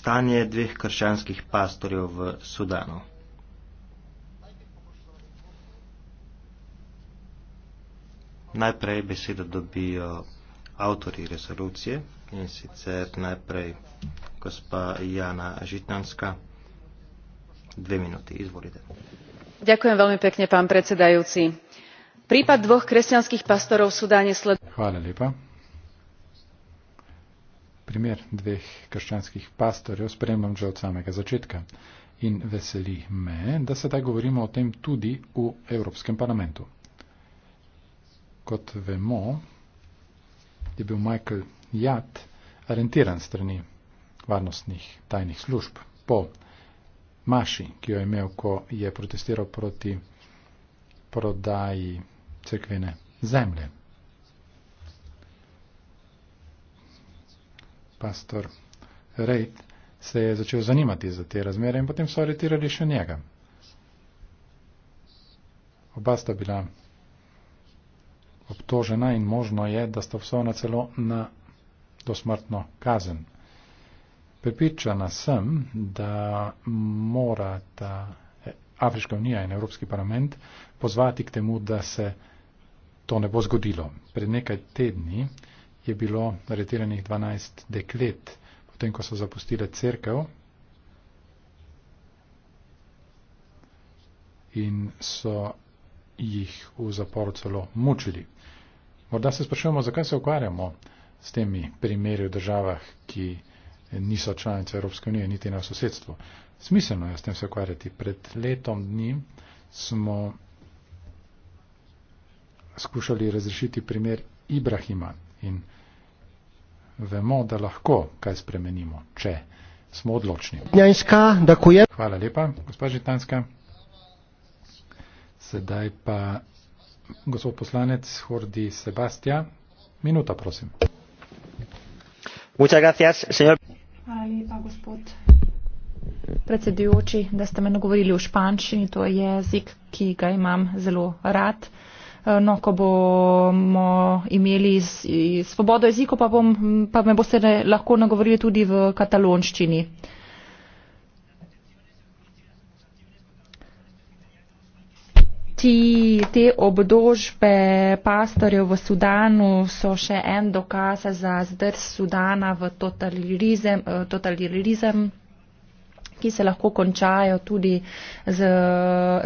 stanje dveh krščanskih pastorjev v Sudanu. Najprej besedo dobijo avtori resolucije in sicer najprej gospa Jana Žitnanska. Dve minuti, izvolite. Ďakujem veľmi pekne, pán predsedajúci. Prípad dvoch kresťanských pastorov v Sudáne sleduje. Hvala lepa primer dveh krščanskih pastorjev spremljam že od samega začetka in veseli me, da sedaj govorimo o tem tudi v Evropskem parlamentu. Kot vemo, je bil Michael Jad arentiran strani varnostnih tajnih služb po maši, ki jo je imel, ko je protestiral proti prodaji cerkvene zemlje. pastor Reid se je začel zanimati za te razmere in potem so aretirali še njega. Oba sta bila obtožena in možno je, da sta obsojena celo na dosmrtno kazen. Prepričana sem, da mora ta Afriška unija in Evropski parlament pozvati k temu, da se to ne bo zgodilo. Pred nekaj tedni je bilo aretiranih 12 deklet, potem ko so zapustile crkav in so jih v zaporu celo mučili. Morda se sprašujemo, zakaj se ukvarjamo s temi primeri v državah, ki niso članice Evropske unije, niti na sosedstvu. Smiselno je s tem se ukvarjati. Pred letom dni smo skušali razrešiti primer Ibrahima. In vemo, da lahko kaj spremenimo, če smo odločni. Hvala lepa, gospa Žitanska. Sedaj pa gospod poslanec Hordi Sebastija. Minuta, prosim. Gracias, Hvala lepa, gospod predsedujoči, da ste me nagovorili v španščini. To je jezik, ki ga imam zelo rad. Eh, no, ko bomo imeli svobodo jezika, pa, pa me boste ne, lahko nagovorili tudi v katalonščini. Ti, te obdožbe pastorjev v Sudanu so še en dokaz za zdrs Sudana v totalitarizem. Eh, ki se lahko končajo tudi z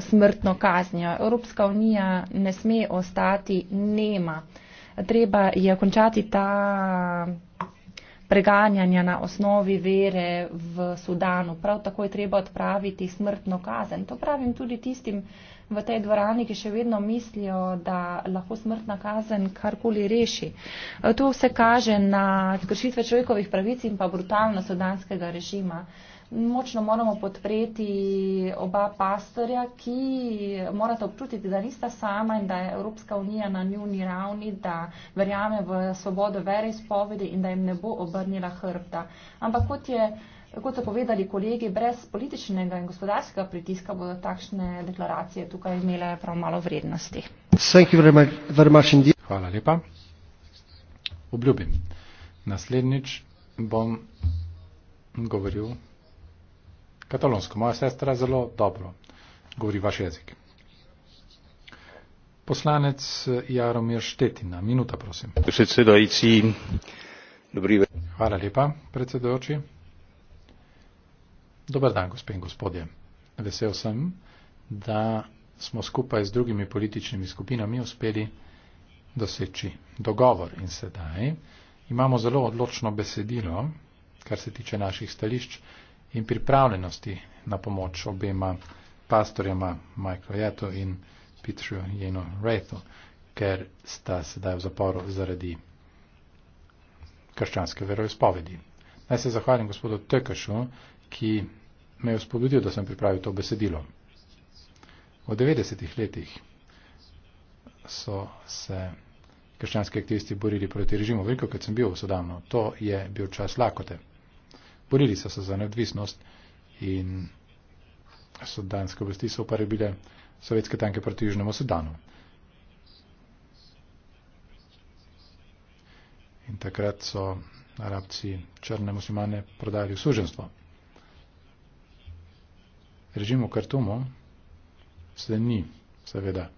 smrtno kaznjo. Evropska unija ne sme ostati nema. Treba je končati ta preganjanja na osnovi vere v Sudanu. Prav tako je treba odpraviti smrtno kazen. To pravim tudi tistim, v tej dvorani, ki še vedno mislijo, da lahko smrtna kazen karkoli reši. E, to vse kaže na kršitve človekovih pravic in pa brutalnost sudanskega režima. Močno moramo podpreti oba pastorja, ki morata občutiti, da nista sama in da je Evropska unija na njuni ravni, da verjame v svobodo vere izpovedi in da jim ne bo obrnila hrbta. Ampak kot je Kot so povedali kolegi, brez političnega in gospodarskega pritiska bodo takšne deklaracije tukaj imele prav malo vrednosti. Hvala lepa. Obljubim. Naslednjič bom govoril katalonsko. Moja sestra zelo dobro govori vaš jezik. Poslanec eh, Jaromir Štetina. Minuta, prosim. Hvala lepa, predsedojoči. Dobar dan, gospe in gospodje. Vesel sem, da smo skupaj z drugimi političnimi skupinami uspeli doseči dogovor in sedaj imamo zelo odločno besedilo, kar se tiče naših stališč in pripravljenosti na pomoč obema pastorjama Michael Jato in Petru Jeno Raytho, ker sta sedaj v zaporu zaradi krščanske veroizpovedi. Naj se zahvalim gospodu Tekašu, ki me je spodbudil, da sem pripravil to besedilo. V 90-ih letih so se krščanski aktivisti borili proti režimu. Veliko, kot sem bil v Sodanu, to je bil čas lakote. Borili so se za neodvisnost in sodanske oblasti so uporabile sovjetske tanke proti Južnemu Sudanu. In takrat so arabci črne muslimane prodali v suženstvo режиму Картуму следни, съведа,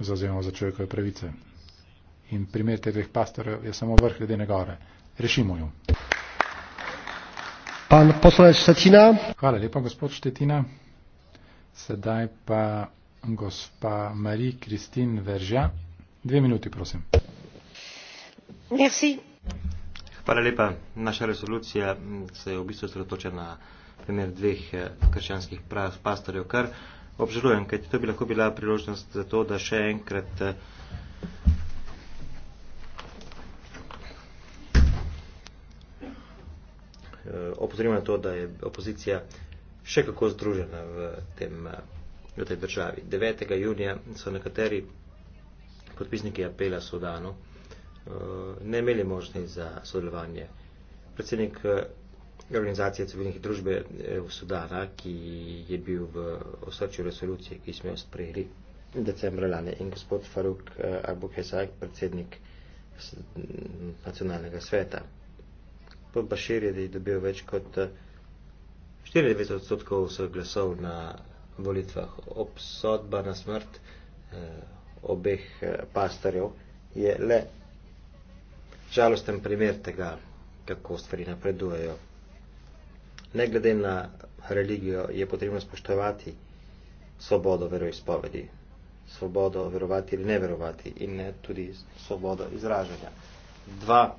заземал за човекове правице. И пример тех пасторов е само върх ледене горе. Решимо ја. Пан посланец Штетина. Хвала лепа, господ Штетина. Седай па госпа Мари Кристин Вержа. Две минути, просим. Мерси. Hvala lepa. Naša resolucija se je v bistvu sredotočena na primer dveh eh, krščanskih pastorjev, kar obžalujem, kajti to bi lahko bila priložnost za to, da še enkrat eh, eh, opozorimo na to, da je opozicija še kako združena v, tem, v tej državi. 9. junija so nekateri podpisniki apela Sudanu ne imeli možnosti za sodelovanje. Predsednik Organizacije civilnih družbe Sudana, ki je bil v osrčju resolucije, ki smo jo sprejeli decembra lani. In gospod Faruk eh, Abukhesak, predsednik nacionalnega sveta. Pod Bašir je dobil več kot 94 eh, odstotkov vseh glasov na volitvah. Obsodba na smrt eh, obeh eh, pastorjev je le žalosten primer tega, kako stvari napredujejo ne glede na religijo, je potrebno spoštovati svobodo veroizpovedi, svobodo verovati ali ne verovati in ne tudi svobodo izražanja. Dva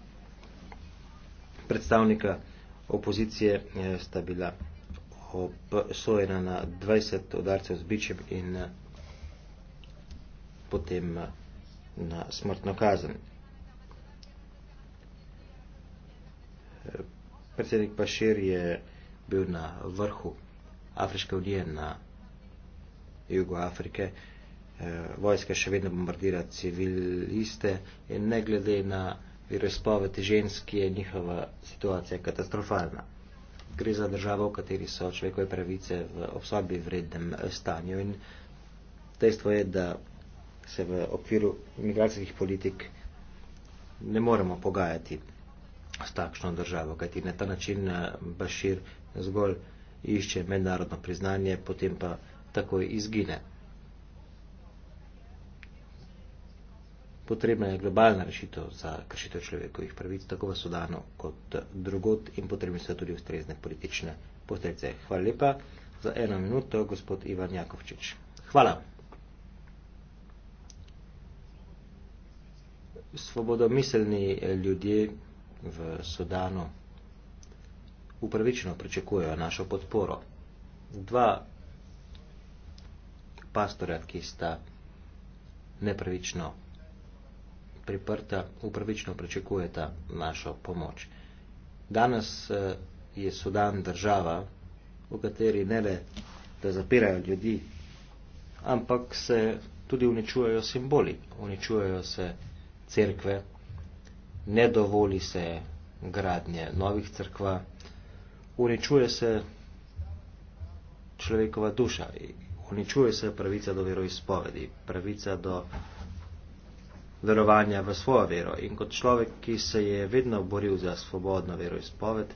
predstavnika opozicije eh, sta bila obsojena na 20 udarcev z bičem in eh, potem eh, na smrtno kazen. Predsednik Pašir je bil na vrhu Afriške unije, na jugu Afrike, eh, vojske še vedno bombardira civiliste in ne glede na virospoveti ženski je njihova situacija katastrofalna. Gre za državo, v kateri so človekove pravice v obsobi vrednem eh, stanju in dejstvo je, da se v okviru migracijskih politik ne moremo pogajati s takšno državo, kajti na ta način eh, Bašir zgolj išče mednarodno priznanje, potem pa takoj izgine. Potrebna je globalna rešitev za kršitev človekovih pravic, tako v Sudanu kot drugot in potrebni so tudi ustrezne politične posledice. Hvala lepa za eno minuto, gospod Ivan Jakovčič. Hvala. Svobodomiselni ljudje v Sudanu upravičeno pričakujejo našo podporo. Dva pastora, ki sta nepravično priprta, upravičeno pričakujeta našo pomoč. Danes eh, je Sudan država, v kateri ne le, da zapirajo ljudi, ampak se tudi uničujejo simboli, uničujejo se cerkve, ne dovoli se gradnje novih crkva uničuje se človekova duša, uničuje se pravica do veroizpovedi, pravica do verovanja v svojo vero. In kot človek, ki se je vedno boril za svobodno veroizpoved,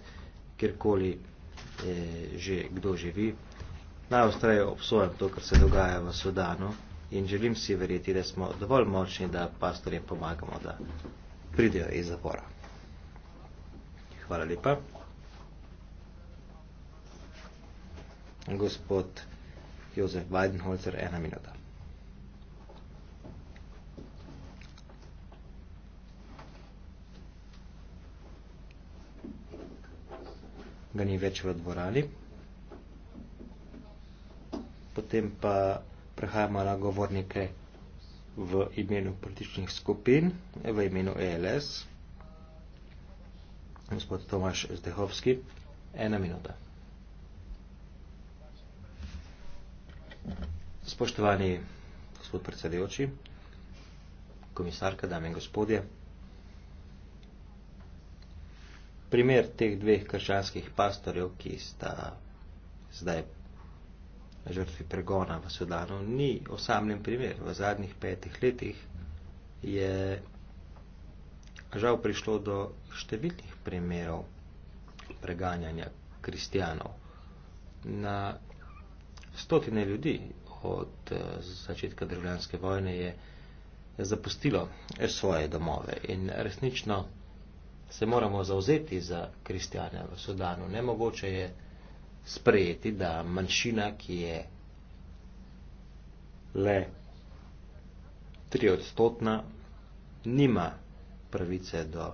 kjerkoli eh, že kdo živi, najostreje obsojam to, kar se dogaja v Sudanu in želim si verjeti, da smo dovolj močni, da pastorjem pomagamo, da pridejo iz zapora. Hvala lepa. gospod Jozef Weidenholzer, ena minuta. Ga ni več v dvorani. Potem pa prehajamo na govornike v imenu političnih skupin, v imenu ELS. Gospod Tomaš Zdehovski, ena minuta. Spoštovani gospod predsedujoči, komisarka, dame in gospodje. Primer teh dveh krščanskih pastorjev, ki sta zdaj žrtvi pregona v Sudanu, ni osamljen primer. V zadnjih petih letih je žal prišlo do številnih primerov preganjanja kristijanov. Na stotine ljudi od eh, začetka državljanske vojne je zapustilo eh, svoje domove in resnično se moramo zauzeti za kristjane v Sudanu. Nemogoče je sprejeti, da manjšina, ki je le tri odstotna, nima pravice do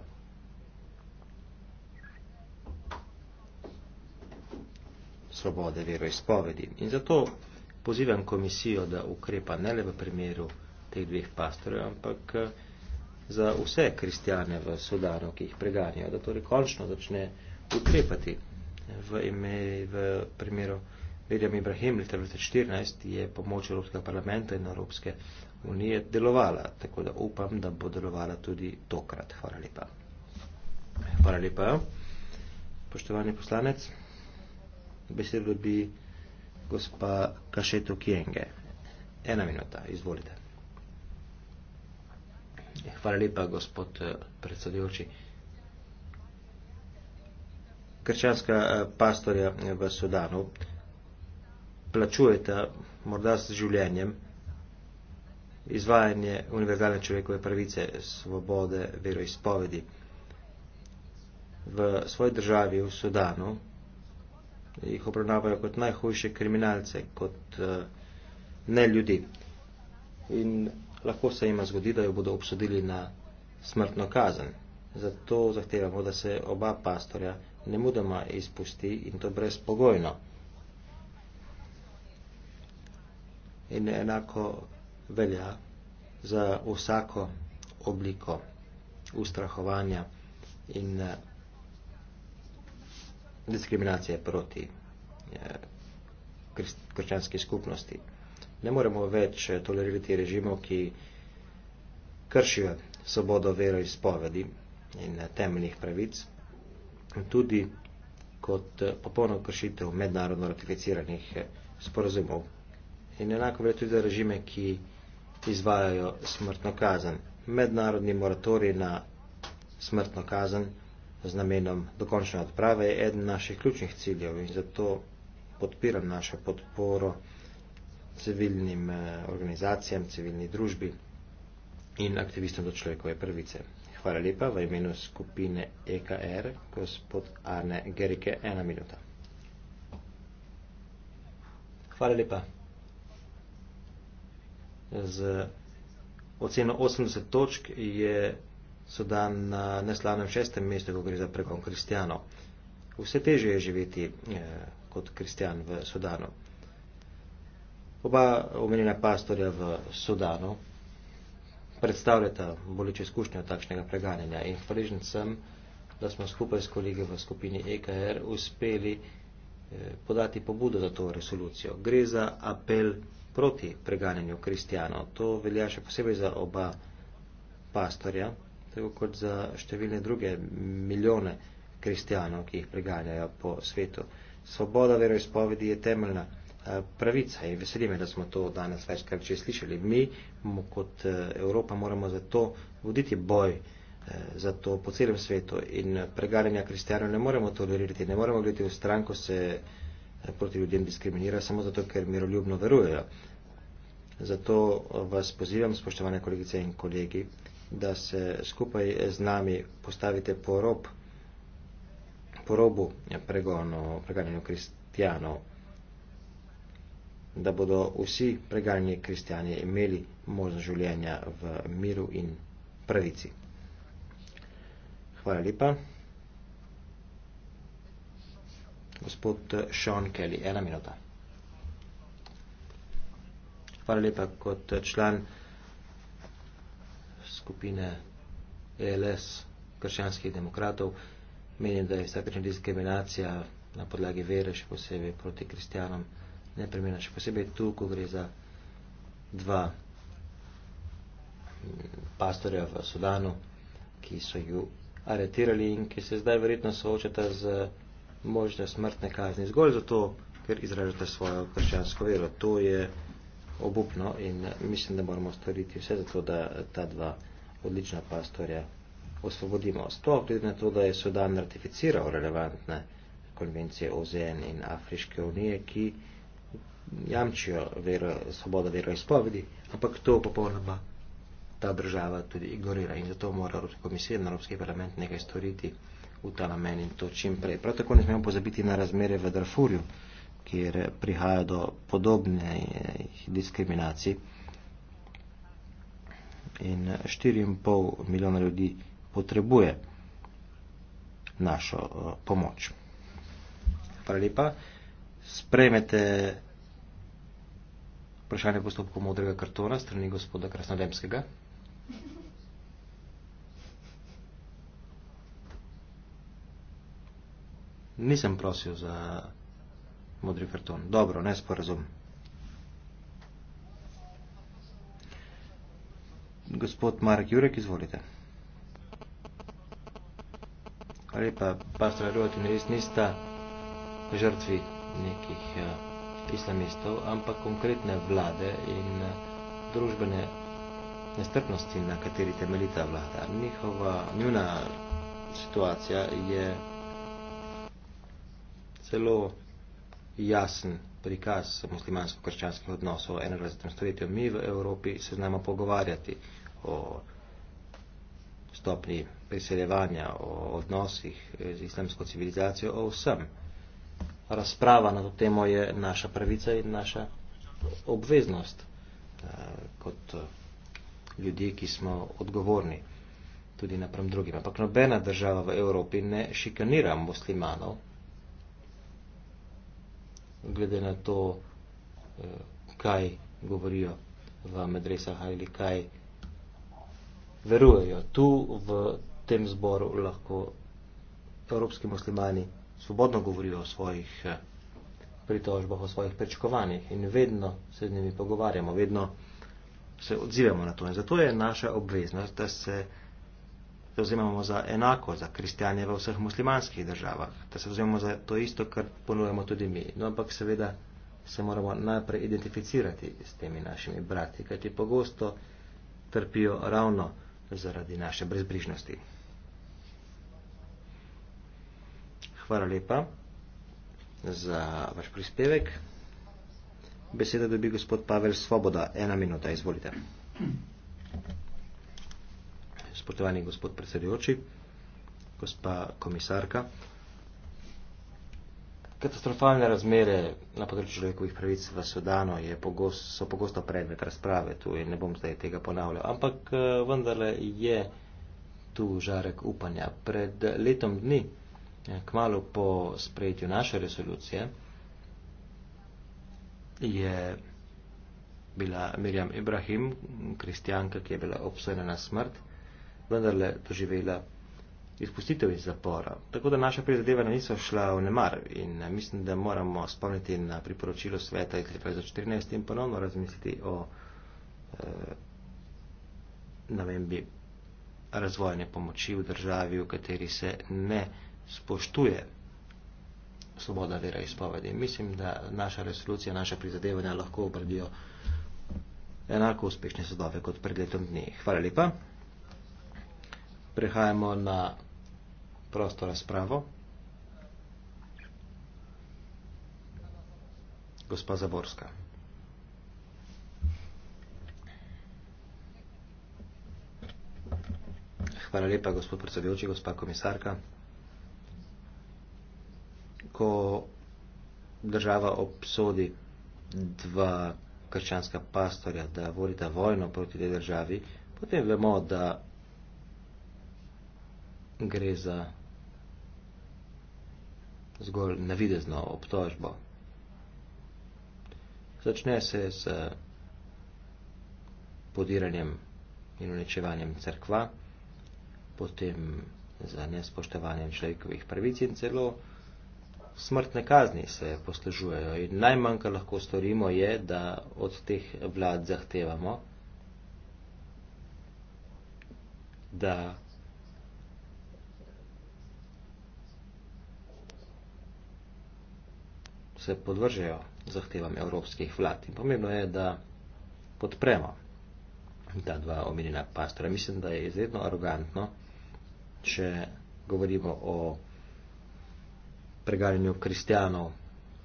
svobode veroizpovedi. In zato pozivam komisijo, da ukrepa ne le v primeru teh dveh pastorjev, ampak eh, za vse kristijane v Sudanu, ki jih preganjajo, da torej končno začne ukrepati v, ime, v primeru Vedem Ibrahim, leta 2014 je pomoč Evropskega parlamenta in Evropske unije delovala, tako da upam, da bo delovala tudi tokrat. Hvala lepa. Hvala lepa, poštovani poslanec besedo dobi gospa Kašeto Kienge. Ena minuta, izvolite. Ja, hvala lepa, gospod eh, predsedujoči. Krščanska eh, pastorja eh, v Sudanu plačujete morda s življenjem izvajanje univerzalne človekove pravice, svobode, veroizpovedi. V svoji državi v Sudanu jih obravnavajo kot najhujše kriminalce, kot uh, ne ljudi. In lahko se jima zgodi, da jo bodo obsodili na smrtno kazen. Zato zahtevamo, da se oba pastorja ne mudoma izpusti in to brezpogojno. In enako velja za vsako obliko ustrahovanja in uh, diskriminacije proti eh, krščanski skupnosti. Ne moremo več eh, tolerirati režimov, ki kršijo svobodo vero izpovedi in eh, temeljnih pravic, tudi kot popolno kršitev mednarodno ratificiranih sporozumov. In enako velja tudi za režime, ki izvajajo smrtno kazen. Mednarodni moratori na smrtno kazen z namenom dokončne odprave je eden naših ključnih ciljev in zato podpiram našo podporo civilnim eh, organizacijam, civilni družbi in aktivistom do človekove prvice. Hvala lepa v imenu skupine EKR, gospod Arne Gerike, ena minuta. Hvala lepa. Z oceno 80 točk je so dan na neslavnem šestem mestu, ko gre za pregon kristijanov. Vse teže je živeti eh, kot kristijan v Sudanu. Oba omenjena pastorja v Sudanu predstavljata boliče izkušnjo takšnega preganjanja in hvaležen sem, da smo skupaj s kolegi v skupini EKR uspeli eh, podati pobudo za to resolucijo. Gre za apel proti preganjanju kristijanov. To velja še posebej za oba pastorja tako kot za številne druge milijone kristijanov, ki jih preganjajo po svetu. Svoboda veroizpovedi je temeljna eh, pravica in veseli me, da smo to danes večkrat že slišali. Mi kot eh, Evropa moramo zato voditi boj eh, za to po celem svetu in preganjanja kristijanov ne moremo tolerirati, ne moremo gledati v stran, ko se proti ljudem diskriminira, samo zato, ker miroljubno verujejo. Zato vas pozivam, spoštovane kolegice in kolegi, da se skupaj z nami postavite porob, porobu ja, pregono, preganjanju kristijanov, da bodo vsi preganjeni kristijani imeli možnost življenja v miru in pravici. Hvala lepa. Gospod Sean Kelly, ena minuta. Hvala lepa kot član skupine ELS, krščanskih demokratov, meni, da je vsakrečna diskriminacija na podlagi vere, še posebej proti kristjanom, nepremena. Še posebej tu, ko gre za dva mm, pastorja v Sudanu, ki so ju aretirali in ki se zdaj verjetno soočata z možne smrtne kazni zgolj zato, ker izražate svojo krščansko vero. To je obupno in mislim, da moramo stvariti vse zato, da ta dva odlična pastorja osvobodimo. Sploh glede na to, da je Sudan ratificiral relevantne konvencije OZN in Afriške unije, ki jamčijo vero, svobodo veroizpovedi, ampak to popolnoma ta država tudi ignorira in zato mora Evropska komisija in Evropski parlament nekaj storiti v ta namen in to čim prej. Prav tako ne smemo pozabiti na razmere v Darfurju, kjer prihaja do podobne diskriminacije in 4,5 milijona ljudi potrebuje našo eh, pomoč. Hvala lepa. Sprejmete vprašanje postopkov modrega kartona strani gospoda Krasnodemskega. Nisem prosil za modri karton. Dobro, ne sporazum. Gospod Marek Jurek, izvolite. Ali pa pastor Rot in res nista žrtvi nekih uh, islamistov, ampak konkretne vlade in uh, družbene nestrpnosti, na kateri temelji ta vlada. Njihova, njuna situacija je zelo jasna prikaz muslimansko-krščanskih odnosov v 21. stoletju. Mi v Evropi se znamo pogovarjati o stopni priseljevanja, o odnosih z islamsko civilizacijo, o vsem. Razprava na to temo je naša pravica in naša obveznost eh, kot eh, ljudi, ki smo odgovorni tudi naprem drugim. Ampak nobena država v Evropi ne šikanira muslimanov, glede na to, eh, kaj govorijo v medresah ali kaj verujejo. Tu v tem zboru lahko evropski muslimani svobodno govorijo o svojih eh, pritožbah, o svojih pričakovanjih in vedno se z njimi pogovarjamo, vedno se odzivamo na to. In zato je naša obveznost, da se zauzemamo za enako, za kristijane v vseh muslimanskih državah, da se zauzemamo za to isto, kar ponujemo tudi mi. No, ampak seveda se moramo najprej identificirati s temi našimi brati, kajti pogosto trpijo ravno zaradi naše brezbrižnosti. Hvala lepa za vaš prispevek. Beseda dobi gospod Pavel Svoboda. Ena minuta, izvolite. Spoštovani gospod predsedujoči, gospa komisarka, katastrofalne razmere na področju človekovih pravic v Sudanu je pogost, so pogosto predmet razprave tu in ne bom zdaj tega ponavljal, ampak eh, vendarle je tu žarek upanja. Pred letom dni, eh, kmalo po sprejetju naše resolucije, je bila Mirjam Ibrahim, kristijanka, ki je bila obsojena na smrt, vendarle doživela izpustitev iz zapora. Tako da naša prizadevanja niso šla v nemar in eh, mislim, da moramo spomniti na priporočilo sveta iz leta 2014 in ponovno razmisliti o eh, namenbi razvojne pomoči v državi, v kateri se ne spoštuje svoboda vera izpovedi. Mislim, da naša resolucija, naša prizadevanja lahko obrbijo enako uspešne sodove kot pred letom dni. Hvala lepa prihajamo na prosto razpravo. Gospa Zaborska. Hvala lepa, gospod predsedujoči, gospa komisarka. Ko država obsodi dva krščanska pastorja, da vodita vojno proti tej državi, potem vemo, da gre za zgolj navidezno obtožbo. Začne se z podiranjem in uničevanjem crkva, potem za nespoštovanjem človekovih pravic in celo smrtne kazni se poslužujejo. In najmanj, kar lahko storimo, je, da od teh vlad zahtevamo, da se podvržejo zahtevam evropskih vlad. In pomembno je, da podpremo ta dva omenjena pastora. Mislim, da je izredno arogantno, če govorimo o preganjanju kristjanov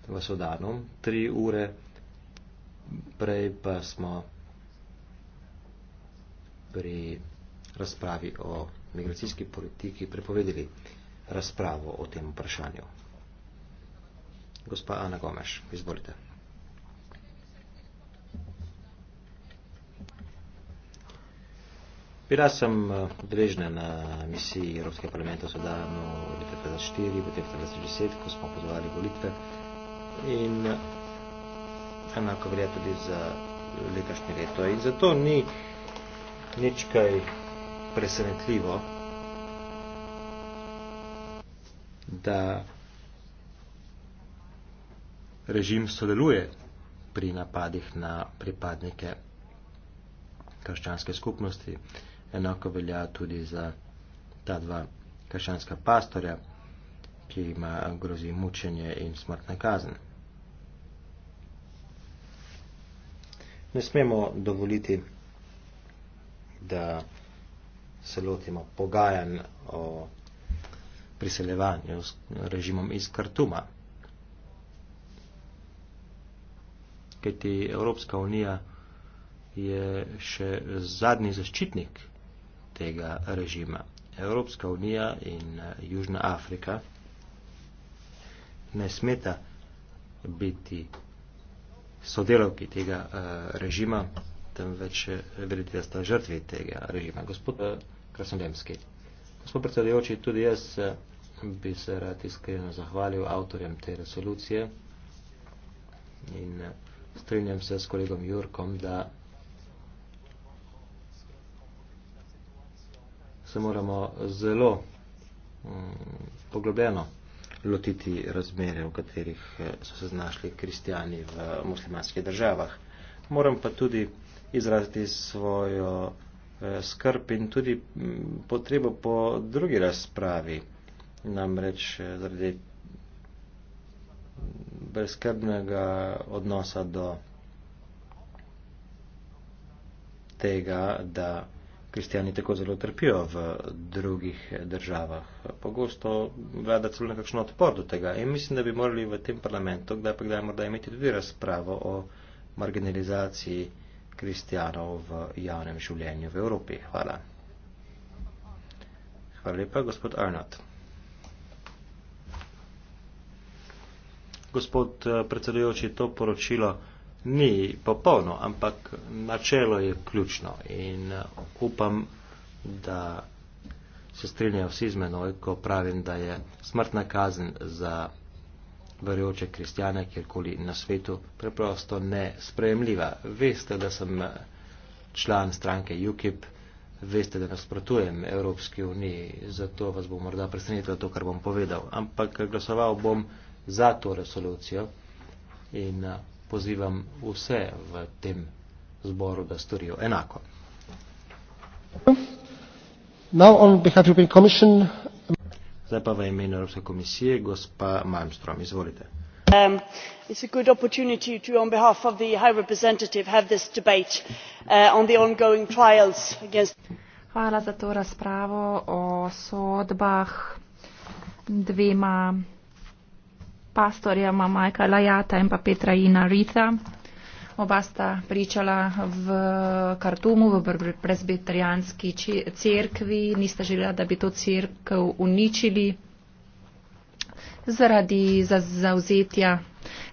v Sodanu tri ure, prej pa smo pri razpravi o migracijski politiki prepovedali razpravo o tem vprašanju. Gospa Ana Gomeš, izvolite. Bila sem eh, deležna na misiji Evropskega parlamenta v Sudanu v letu 2004, v letu 2010, ko smo pozvali volitve. In eh, enako velja tudi za letošnje leto. In zato ni nič kaj presenetljivo, da režim sodeluje pri napadih na pripadnike krščanske skupnosti. Enako velja tudi za ta dva krščanska pastorja, ki ima grozi mučenje in smrtne kazne. Ne smemo dovoliti, da se lotimo pogajanj o priseljevanju s režimom iz Kartuma. kajti Evropska unija je še zadnji zaščitnik tega režima. Evropska unija in eh, Južna Afrika ne smeta biti sodelovki tega eh, režima, temveč eh, veriti, da sta žrtvi tega režima. Gospod Krasnodemski, gospod predsedujoči, tudi jaz bi se rad iskreno zahvalil avtorjem te resolucije in strinjam se s kolegom Jurkom, da se moramo zelo um, poglobljeno lotiti razmere, v katerih eh, so se znašli kristijani v muslimanskih državah. Moram pa tudi izraziti svojo eh, skrb in tudi m, mm, potrebo po drugi razpravi, namreč eh, zaradi brezkrbnega odnosa do tega, da kristijani tako zelo trpijo v drugih državah. Pogosto vlada celo nekakšen odpor do tega in mislim, da bi morali v tem parlamentu kdaj pa kdaj morda imeti tudi razpravo o marginalizaciji kristijanov v javnem življenju v Evropi. Hvala. Hvala lepa, gospod Arnott. gospod eh, predsedujoči, to poročilo ni popolno, ampak načelo je ključno in eh, upam, da se strinjajo vsi z menoj, ko pravim, da je smrtna kazen za verujoče kristjane, kjerkoli na svetu, preprosto nesprejemljiva. Veste, da sem eh, član stranke UKIP, veste, da nasprotujem Evropski uniji, zato vas bo morda presenetilo to, kar bom povedal. Ampak glasoval bom za to resolucijo in eh, pozivam vse v tem zboru, da storijo enako. Zdaj pa v imenu Evropske komisije, gospa Malmström, izvolite. Um, it's a good opportunity to, on behalf of the High Representative, have this debate uh, on the ongoing trials against. Hvala za to razpravo o sodbah dvema pastorja Mamajka Lajata in pa Petra Ina Rita. Oba sta pričala v Kartumu, v prezbetrijanski cerkvi, nista želela, da bi to cerkev uničili zaradi zauzetja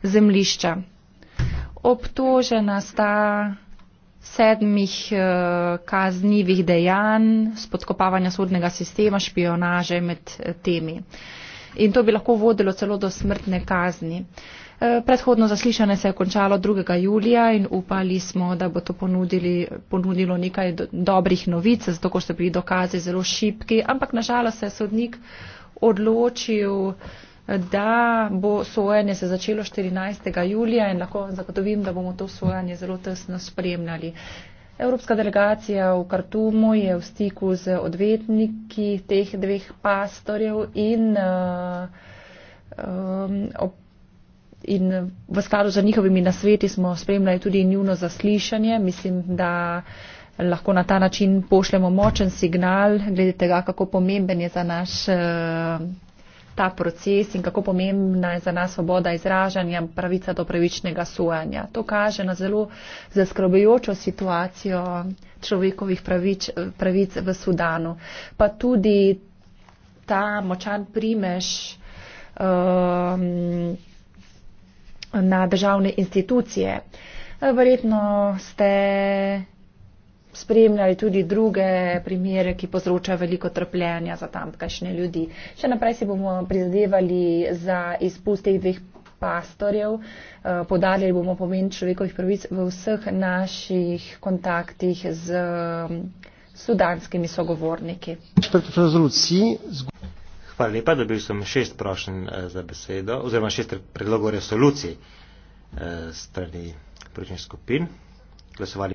zemlišča. Obtožena sta sedmih eh, kaznivih dejanj, spodkopavanja sodnega sistema, špionaže med eh, temi in to bi lahko vodilo celo do smrtne kazni. E, predhodno zaslišanje se je končalo 2. julija in upali smo, da bo to ponudili, ponudilo nekaj do, dobrih novic, zato ko so bili dokazi zelo šipki, ampak nažalost se je sodnik odločil, da bo sojenje se začelo 14. julija in lahko vam zagotovim, da bomo to sojenje zelo tesno spremljali. Evropska delegacija v Kartumu je v stiku z odvetniki teh dveh pastorjev in, uh, um, in v skladu z njihovimi nasveti smo spremljali tudi njuno zaslišanje. Mislim, da lahko na ta način pošljemo močen signal glede tega, kako pomemben je za naš uh, ta proces in kako pomembna je za nas svoboda izražanja, pravica do pravičnega sojanja. To kaže na zelo zaskrbljujočo situacijo človekovih pravič, pravic v Sudanu. Pa tudi ta močan primež um, na državne institucije. Verjetno ste spremljali tudi druge primere, ki povzročajo veliko trpljenja za tamkajšnje ljudi. Še naprej si bomo prizadevali za izpust teh dveh pastorjev, eh, podarili bomo pomen človekovih pravic v vseh naših kontaktih z mm, sudanskimi sogovorniki. Hvala lepa, dobil sem šest prošen eh, za besedo, oziroma šest predlogov resolucij eh, strani prvičnih skupin. Glasovali